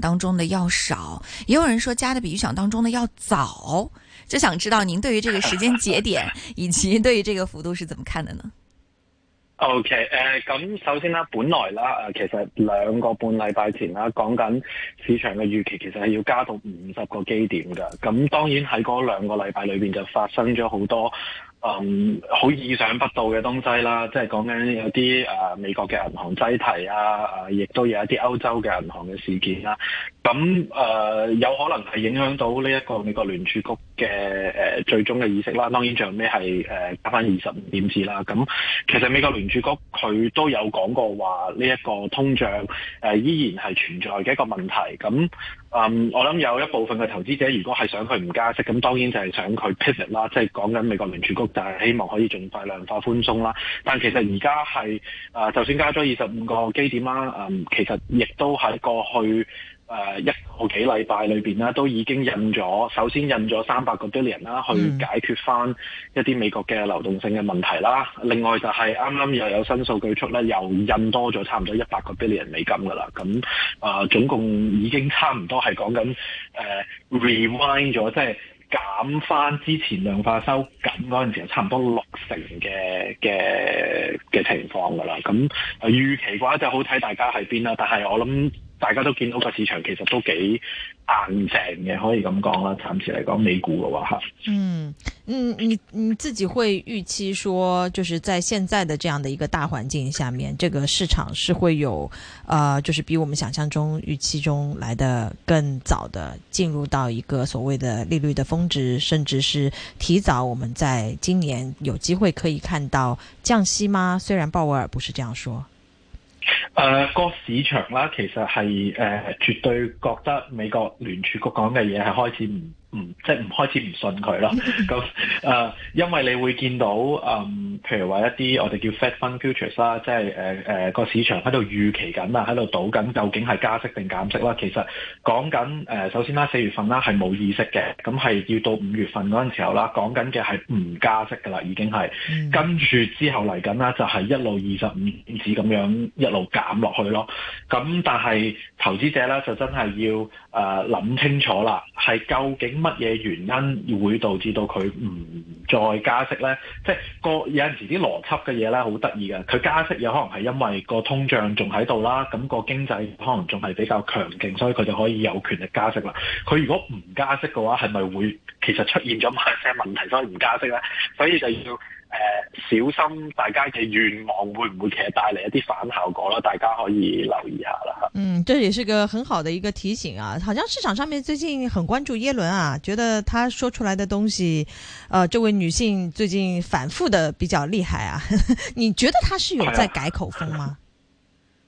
當中的要少，也有人說加的比預想當中的要早，就想知道您對於這個時間節點以及對於這個幅度是怎麼看的呢 ？OK，誒、呃，咁首先啦，本來啦，誒，其實兩個半禮拜前啦，講緊市場嘅預期，其實係要加到五十個基點㗎。咁當然喺嗰兩個禮拜裏邊就發生咗好多。嗯，好意想不到嘅東西啦，即係講緊有啲誒美國嘅銀行擠提啊，亦、啊、都有一啲歐洲嘅銀行嘅事件啦、啊。咁誒、呃、有可能係影響到呢一個美國聯儲局嘅、呃、最終嘅意識啦。當然最後尾係誒加翻二十五點字啦。咁其實美國聯儲局佢都有講過話呢一個通脹、呃、依然係存在嘅一個問題。咁嗯、呃，我諗有一部分嘅投資者如果係想佢唔加息，咁當然就係想佢 pivot 啦，即係講緊美國聯儲局。就係希望可以盡快量化寬鬆啦，但其實而家係就算加咗二十五個基點啦，嗯、其實亦都喺過去誒、呃、一個幾禮拜裏面啦，都已經印咗，首先印咗三百個 billion 啦，去解決翻一啲美國嘅流動性嘅問題啦。嗯、另外就係啱啱又有新數據出咧，又印多咗差唔多一百個 billion 美金噶啦。咁、呃、總共已經差唔多係講緊誒、呃、rewind 咗，即係。諗翻之前量化收緊嗰陣時候，差唔多六成嘅嘅嘅情況噶啦，咁預期嘅話就好睇大家喺邊啦。但係我諗大家都見到個市場其實都幾硬淨嘅，可以咁講啦。暫時嚟講，美股嘅話，嗯嗯，你你自己會預期說，就是在現在的這樣的一個大環境下面，這個市場是會有，啊、呃，就是比我們想象中預期中來得更早的進入到一個所謂的利率的峰值，甚至是提早我們在今年有機會。會可以看到降息嗎？雖然鮑威爾不是這樣說。誒、呃，這個市場啦，其實係誒、呃、絕對覺得美國聯儲局講嘅嘢係開始唔。嗯，即係唔開始唔信佢咯。咁誒，因為你會見到誒、嗯，譬如話一啲我哋叫 Fed Fund Futures 啦，即係誒個市場喺度預期緊啦，喺度賭緊究竟係加息定減息啦。其實講緊、呃、首先啦，四月份啦係冇意識嘅，咁係要到五月份嗰陣時候啦，講緊嘅係唔加息㗎啦，已經係跟住之後嚟緊啦，就係一路二十五點子咁樣一路減落去咯。咁但係投資者咧就真係要誒諗、呃、清楚啦，係究竟。乜嘢原因會導致到佢唔再加息咧？即係個有陣時啲邏輯嘅嘢咧，好得意嘅。佢加息有可能係因為個通脹仲喺度啦，咁個經濟可能仲係比較強勁，所以佢就可以有權力加息啦。佢如果唔加息嘅話，係咪會其實出現咗某些問題？所以唔加息咧？所以就要。誒、呃，小心大家嘅願望會唔會其實帶嚟一啲反效果啦？大家可以留意一下啦。嗯，這也是個很好的一個提醒啊。好像市場上面最近很關注耶倫啊，覺得他說出來的東西，呃，這位女性最近反覆的比較厲害啊。 你覺得他是有在改口風嗎？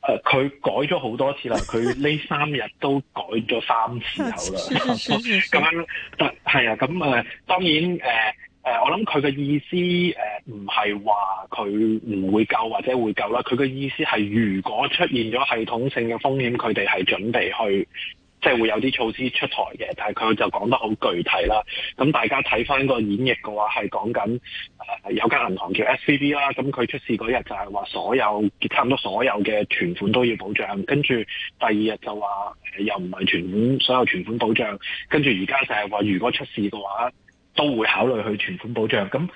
啊、呃，佢改咗好多次啦，佢呢三日都改咗三次口啦。 是咁係啊，咁啊、嗯嗯嗯嗯嗯嗯嗯，當然誒。嗯嗯嗯誒、呃，我諗佢嘅意思誒，唔係話佢唔會救或者會救啦，佢嘅意思係如果出現咗系統性嘅風險，佢哋係準備去，即、就、係、是、會有啲措施出台嘅。但係佢就講得好具體啦。咁、嗯、大家睇翻個演繹嘅話，係講緊誒、呃、有間銀行叫 SVB 啦。咁、嗯、佢出事嗰日就係話所有，差唔多所有嘅存款都要保障。跟住第二日就話、呃、又唔係存款，所有存款保障。跟住而家就係話如果出事嘅話。都會考慮去存款保障，咁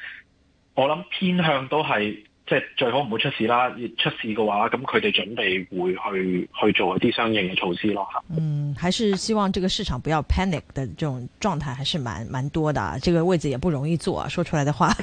我諗偏向都係即係最好唔好出事啦。出事嘅話，咁佢哋準備會去去做一啲相應嘅措施咯。嗯，還是希望呢個市場不要 panic 嘅這種狀態，還是蠻蠻多的。呢、這個位置也不容易做啊，說出來的話。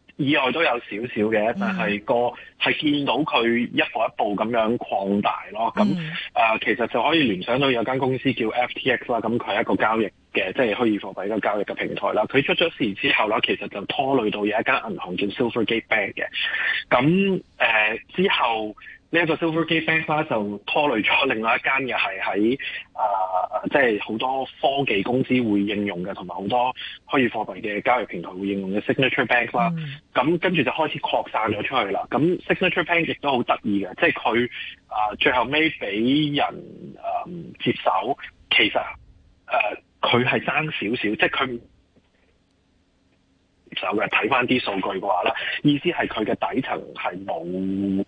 以外都有少少嘅，但、就、係、是那個係、mm. 見到佢一步一步咁樣擴大咯。咁、mm. 呃、其實就可以聯想到有間公司叫 FTX 啦、啊。咁佢係一個交易嘅，即係虛擬貨幣嘅交易嘅平台啦。佢、啊、出咗事之後啦，其實就拖累到有一間銀行叫 Silvergate Bank 嘅。咁、啊、之後。呢一個 Silvergate bank 啦，就拖累咗另外一間嘅係喺啊，即係好多科技公司會應用嘅，同埋好多虛擬貨幣嘅交易平台會應用嘅 Signature bank 啦、嗯。咁跟住就開始擴散咗出去啦。咁 Signature bank 亦都好得意嘅，即係佢啊，最後尾俾人啊、呃、接手，其實誒佢係爭少少，即係佢。手嘅睇返啲數據嘅話咧，意思係佢嘅底層係冇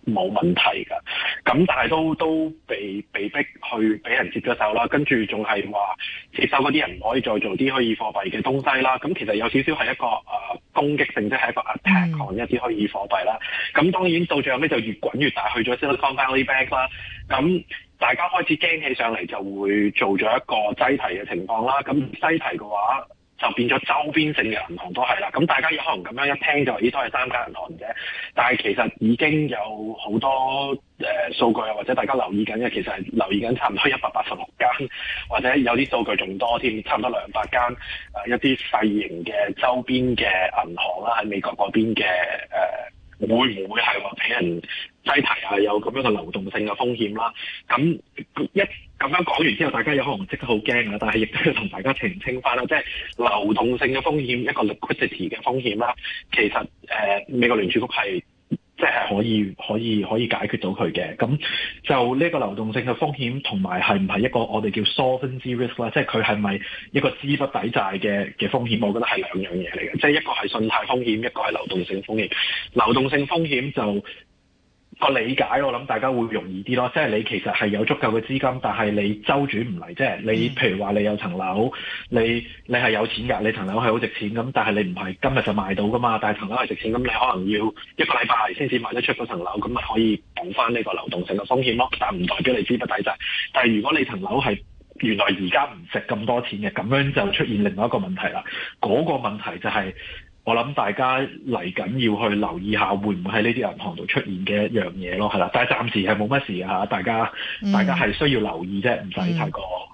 冇問題嘅，咁但係都都被被逼去俾人接咗手啦，跟住仲係話接手嗰啲人唔可以再做啲虛擬貨幣嘅東西啦，咁其實有少少係一個誒、呃、攻擊性，即係一個 attack on 一啲虛擬貨幣啦，咁、嗯、當然到最後尾就越滾越大，去咗 Silicon Valley Bank 啦，咁大家開始驚起上嚟，就會做咗一個擠提嘅情況啦，咁擠提嘅話，就變咗周邊性嘅銀行都係啦，咁大家有可能咁樣一聽就，話咦？都係三間銀行啫。但係其實已經有好多誒、呃、數據啊，或者大家留意緊嘅，其實係留意緊差唔多一百八十六間，或者有啲數據仲多添，差唔多兩百間誒一啲細型嘅周邊嘅銀行啦，喺美國嗰邊嘅誒、呃，會唔會係？俾人擠提啊，有咁樣嘅流動性嘅風險啦。咁一咁樣講完之後，大家有可能即刻好驚啦。但係亦都要同大家澄清返啦，即係流動性嘅風險，一個 liquidity 嘅風險啦。其實誒、呃，美國聯儲局係。可以可以可以解決到佢嘅，咁就呢個流動性嘅風險同埋係唔係一個我哋叫 solvency risk 啦？即係佢係咪一個資不抵債嘅嘅風險，我覺得係兩樣嘢嚟嘅，即係一個係信貸風險，一個係流動性風險。流動性風險就。個理解我諗大家會容易啲咯，即係你其實係有足夠嘅資金，但係你周轉唔嚟，即係你譬如話你有層樓，你你係有錢㗎，你層樓係好值錢咁，但係你唔係今日就賣到噶嘛，但係層樓係值錢，咁你可能要一個禮拜先至賣得出嗰層樓，咁咪可以補翻呢個流動性嘅風險咯，但係唔代表你資不抵債。但係如果你層樓係原來而家唔值咁多錢嘅，咁樣就出現另外一個問題啦，嗰個問題就係。我諗大家嚟緊要去留意下，會唔會喺呢啲銀行度出現嘅一樣嘢咯，係啦。但係暫時係冇乜事吓，大家、嗯、大家係需要留意啫，唔使太過。嗯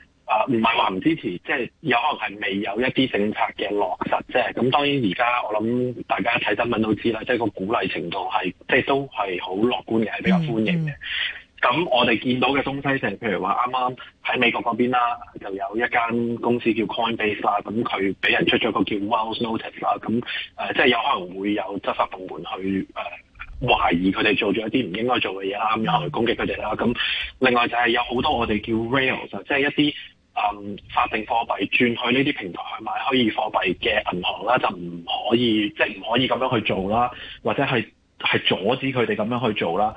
啊，唔係話唔支持，即係有可能係未有一啲政策嘅落實啫。咁當然而家我諗大家睇新聞都知啦，即係個鼓勵程度係，即係都係好樂觀嘅，係比較歡迎嘅。咁、嗯、我哋見到嘅東西就係譬如話啱啱喺美國嗰邊啦，就有一間公司叫 Coinbase 啦，咁佢俾人出咗個叫 Wells Notice 啦，咁誒即係有可能會有執法部門去誒懷疑佢哋做咗一啲唔應該做嘅嘢啦，咁然後去攻擊佢哋啦。咁另外就係有好多我哋叫 Rails，即係一啲。嗯，法定貨幣轉去呢啲平台去買虛擬貨幣嘅銀行啦，就唔可以，即係唔可以咁樣去做啦，或者係係阻止佢哋咁樣去做啦。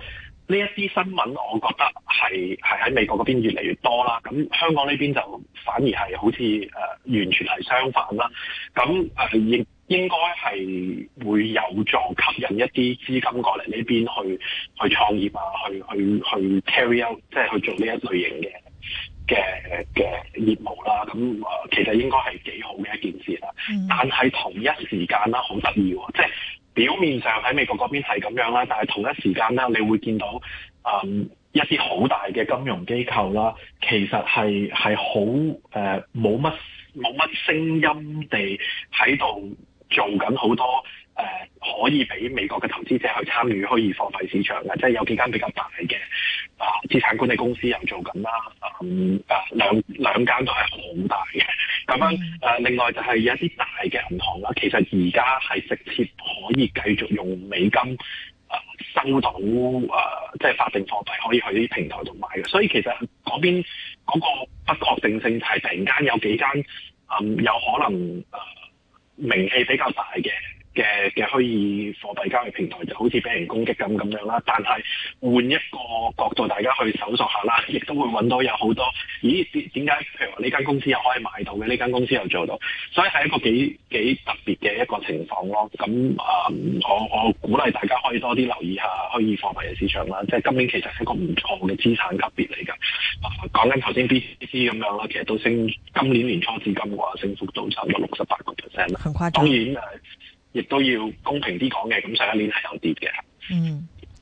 呢一啲新聞，我覺得係係喺美國嗰邊越嚟越多啦。咁香港呢邊就反而係好似誒、呃、完全係相反啦。咁、呃、應該係會有助吸引一啲資金過嚟呢邊去去創業啊，去去去 carry out，即係去做呢一類型嘅嘅嘅業務啦，咁啊其實應該係幾好嘅一件事啦。嗯、但係同一時間啦，好得意喎，即係表面上喺美國嗰邊係咁樣啦，但係同一時間啦，你會見到啊、嗯、一啲好大嘅金融機構啦，其實係係好誒冇乜冇乜聲音地喺度做緊好多。誒、呃、可以俾美國嘅投資者去參與虛擬貨幣市場嘅，即係有幾間比較大嘅啊資產管理公司又做緊啦。啊，兩兩間都係好大嘅。咁啊，另外就係有一啲大嘅銀行啦。其實而家係直接可以繼續用美金啊收到啊，即係法定貨幣可以去啲平台度買嘅。所以其實嗰邊嗰個不確定性就係突然間有幾間啊、嗯，有可能啊名氣比較大嘅。嘅嘅虛擬貨幣交易平台就好似俾人攻擊咁咁樣啦，但係換一個角度，大家去搜索下啦，亦都會揾到有好多咦點解譬如話呢間公司又可以買到嘅？呢間公司又做到，所以係一個幾幾特別嘅一個情況咯。咁啊、嗯，我我鼓勵大家可以多啲留意下虛擬貨幣嘅市場啦。即係今年其實係一個唔錯嘅資產級別嚟㗎。講緊頭先 BTC 咁樣啦，其實都升，今年年初至今嘅話，升幅都差唔多六十八個 percent 啦。當然亦都要公平啲講嘅，咁上一年係有跌嘅。嗯。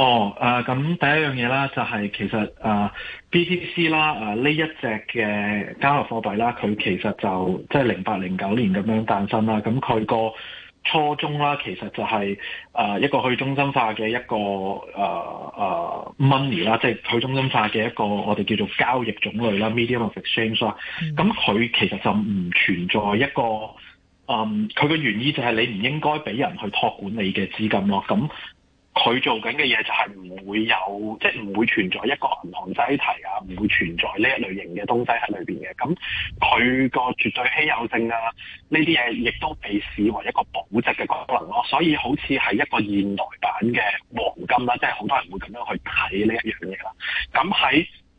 哦，誒、啊、咁第一樣嘢啦，就係、是、其實誒、啊、B T C 啦，誒、啊、呢一隻嘅交易貨幣啦，佢其實就即係零八零九年咁樣誕生啦。咁佢個初衷啦，其實就係、是、誒、啊、一個去中心化嘅一個誒誒、啊啊、money 啦，即、就、係、是、去中心化嘅一個我哋叫做交易種類啦，medium of exchange 啦。咁佢、嗯嗯、其實就唔存在一個嗯，佢嘅原意就係你唔應該俾人去託管你嘅資金咯。咁佢做緊嘅嘢就係唔會有，即係唔會存在一個銀行擠提啊，唔會存在呢一類型嘅東西喺裏邊嘅。咁佢個絕對稀有性啊，呢啲嘢亦都被視為一個保值嘅功能咯。所以好似係一個現代版嘅黃金啦、啊，即係好多人會咁樣去睇呢一樣嘢啦。咁、啊、喺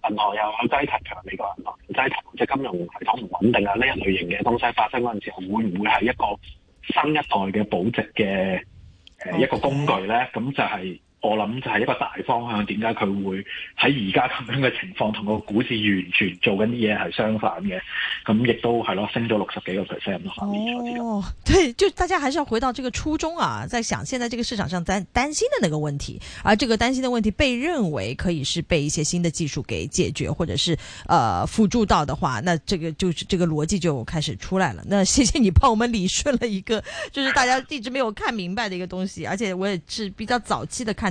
銀行又有擠提，譬如美國銀行有擠提，即係金融系統唔穩定啊，呢一類型嘅東西發生嗰陣時候，會唔會係一個新一代嘅保值嘅誒一個工具咧，咁就係、是。我諗就係一個大方向，點解佢會喺而家咁樣嘅情況同個股市完全做緊啲嘢係相反嘅？咁、嗯、亦都係咯，升咗六十幾個 percent 哦，對，就大家還是要回到這個初衷啊，在想現在這個市場上擔擔心的那個問題，而這個擔心的問題被認為可以是被一些新的技術給解決，或者是呃輔助到的話，那這個就是這個邏輯就開始出來了。那謝謝你幫我們理順了一個，就是大家一直沒有看明白的一個東西，而且我也是比較早期的看。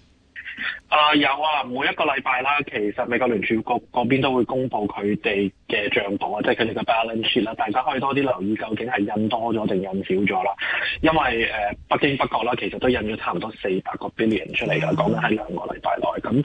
啊有啊，每一個禮拜啦，其實美國聯儲局嗰邊都會公布佢哋嘅賬簿啊，即係佢哋嘅 balance sheet 啦，大家可以多啲留意究竟係印多咗定印少咗啦。因為誒、呃、不經不覺啦，其實都印咗差唔多四百個 billion 出嚟啦，講緊喺兩個禮拜內。咁呢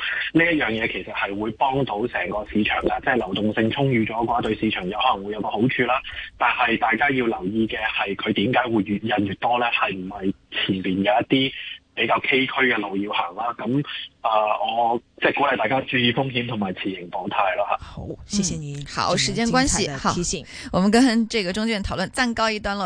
一樣嘢其實係會幫到成個市場噶，即係流動性充裕咗嘅話，對市場有可能會有個好處啦。但係大家要留意嘅係佢點解會越印越多咧？係唔係前面有一啲？比較崎嶇嘅路要行啦，咁啊、呃，我即係、就是、鼓勵大家注意風險同埋持盈保泰啦吓。好，謝謝您、嗯。好，時間關係，好提醒我們跟這個鍾駿討論，暫告一段落。